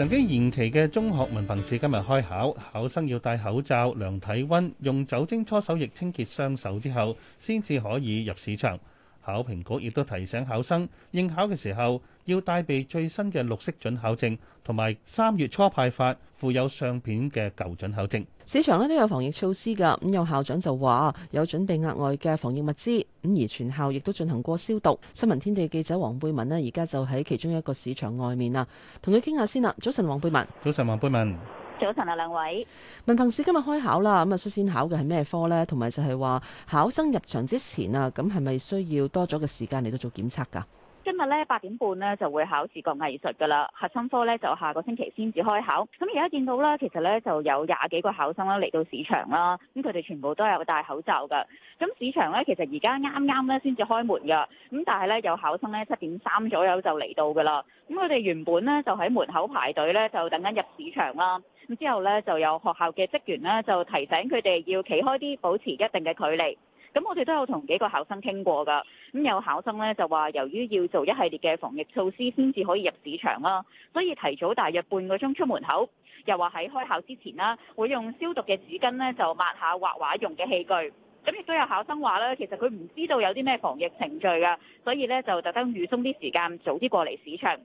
曾經延期嘅中學文憑試今日開考，考生要戴口罩、量體温、用酒精搓手液清潔雙手之後，先至可以入試場。考評局亦都提醒考生應考嘅時候要帶備最新嘅綠色准考證，同埋三月初派發附有相片嘅舊准考證。試場咧，都有防疫措施噶，咁有校長就話有準備額外嘅防疫物資，咁而全校亦都進行過消毒。新聞天地記者黃貝紋咧，而家就喺其中一個試場外面啊，同佢傾下先啦。早晨，黃貝紋。早晨，黃貝紋。早晨啊，兩位，文憑試今日開考啦。咁啊，率先考嘅係咩科呢？同埋就係話考生入場之前啊，咁係咪需要多咗嘅時間嚟到做檢測㗎？今日咧八點半咧就會考視覺藝術㗎啦，核心科咧就下個星期先至開考。咁而家見到咧，其實咧就有廿幾個考生啦嚟到試場啦，咁佢哋全部都有戴口罩㗎。咁試場咧其實而家啱啱咧先至開門㗎，咁但係咧有考生咧七點三左右就嚟到㗎啦。咁佢哋原本咧就喺門口排隊咧就等緊入試場啦，咁之後咧就有學校嘅職員咧就提醒佢哋要企開啲，保持一定嘅距離。咁我哋都有同幾個考生傾過噶，咁有考生咧就話，由於要做一系列嘅防疫措施先至可以入試場啦、啊，所以提早大約半個鐘出門口，又話喺開考之前啦、啊，會用消毒嘅紙巾咧就抹下畫畫用嘅器具。咁亦都有考生話咧，其實佢唔知道有啲咩防疫程序噶，所以咧就特登預鬆啲時間，早啲過嚟試場。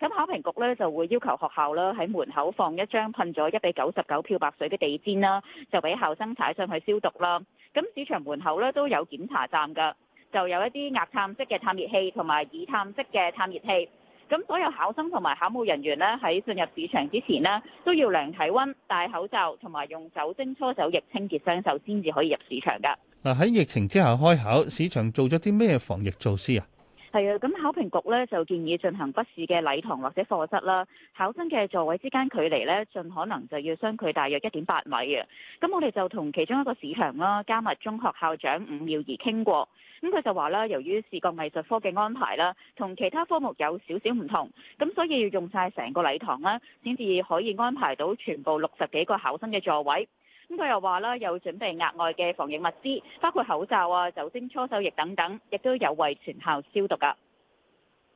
咁考評局咧就會要求學校啦喺門口放一張噴咗一比九十九漂白水嘅地氈啦，就俾考生踩上去消毒啦。咁試場門口咧都有檢查站噶，就有一啲額探式嘅探熱器同埋耳探式嘅探熱器。咁所有考生同埋考務人員呢，喺進入試場之前呢，都要量體溫、戴口罩同埋用酒精搓手液清潔雙手先至可以入試場噶。喺疫情之下開考，試場做咗啲咩防疫措施啊？係啊，咁考評局咧就建議進行筆試嘅禮堂或者課室啦，考生嘅座位之間距離咧，盡可能就要相距大約一點八米啊。咁我哋就同其中一個試場啦，迦密中學校長伍妙儀傾過，咁佢就話啦，由於視覺藝術科嘅安排啦，同其他科目有少少唔同，咁所以要用晒成個禮堂啦，先至可以安排到全部六十幾個考生嘅座位。咁佢又話啦，有準備額外嘅防疫物資，包括口罩啊、酒精搓手液等等，亦都有為全校消毒㗎。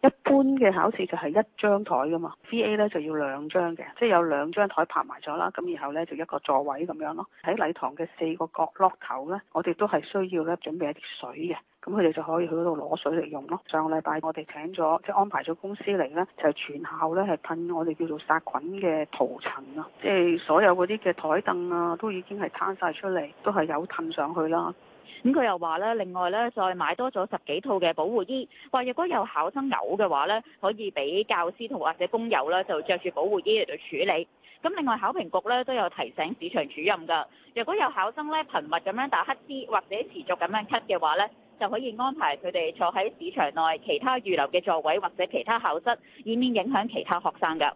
一般嘅考試就係一張枱㗎嘛，VA 呢就要兩張嘅，即係有兩張枱拍埋咗啦，咁然後呢，就一個座位咁樣咯。喺禮堂嘅四個角落頭呢，我哋都係需要呢準備一啲水嘅。咁佢哋就可以去嗰度攞水嚟用咯。上個禮拜我哋請咗即係安排咗公司嚟呢，就係全校呢係噴我哋叫做殺菌嘅塗層啊，即係所有嗰啲嘅台凳啊，都已經係攤晒出嚟，都係有噴上去啦。咁佢又話呢，另外呢，再買多咗十幾套嘅保護衣，話如果有考生有嘅話呢，可以俾教師同或者工友呢，就着住保護衣嚟到處理。咁另外考評局呢，都有提醒試場主任㗎，如果有考生呢，頻密咁樣打乞嗤或者持續咁樣咳嘅話呢，就可以安排佢哋坐喺試場內其他預留嘅座位，或者其他考室，以免影響其他學生噶。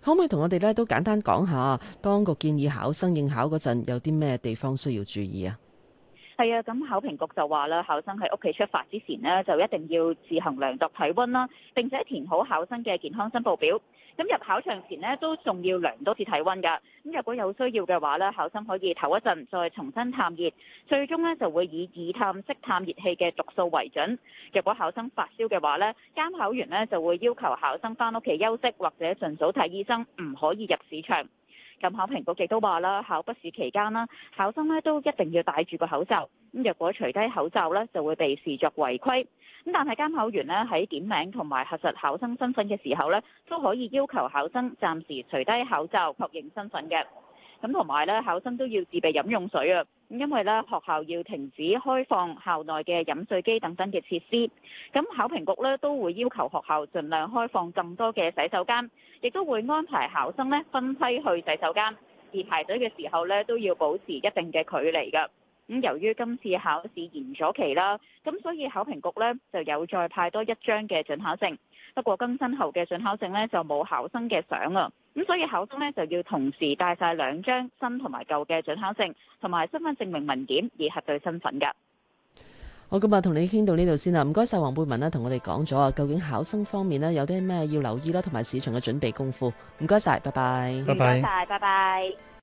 可唔可以同我哋咧都簡單講下，當局建議考生應考嗰陣有啲咩地方需要注意啊？係啊，咁考評局就話啦，考生喺屋企出發之前呢，就一定要自行量度體温啦，並且填好考生嘅健康申報表。咁入考場前呢，都仲要量多次體温㗎。咁如果有需要嘅話呢，考生可以唞一陣再重新探熱，最終呢就會以耳探式探熱器嘅讀數為準。若果考生發燒嘅話呢，監考員呢就會要求考生翻屋企休息或者儘早睇醫生，唔可以入試場。考評局亦都話啦，考筆試期間啦，考生呢都一定要戴住個口罩。咁若果除低口罩呢，就會被視作違規。咁但係監考員呢，喺點名同埋核實考生身份嘅時候呢，都可以要求考生暫時除低口罩確認身份嘅。咁同埋咧，考生都要自備飲用水啊！因為咧，學校要停止開放校內嘅飲水機等等嘅設施。咁考評局咧都會要求學校盡量開放更多嘅洗手間，亦都會安排考生咧分批去洗手間，而排隊嘅時候咧都要保持一定嘅距離㗎。咁由於今次考試延咗期啦，咁所以考評局呢就有再派多一張嘅準考證。不過更新後嘅準考證呢就冇考生嘅相啊，咁所以考生呢就要同時帶晒兩張新同埋舊嘅準考證同埋身份證明文件以核對身份噶。好，今日同你傾到呢度先啦，唔該晒，黃貝紋啦，同我哋講咗啊，究竟考生方面呢，有啲咩要留意啦，同埋試場嘅準備功夫。唔該晒，拜拜。唔該晒，拜拜。唔該晒，拜拜。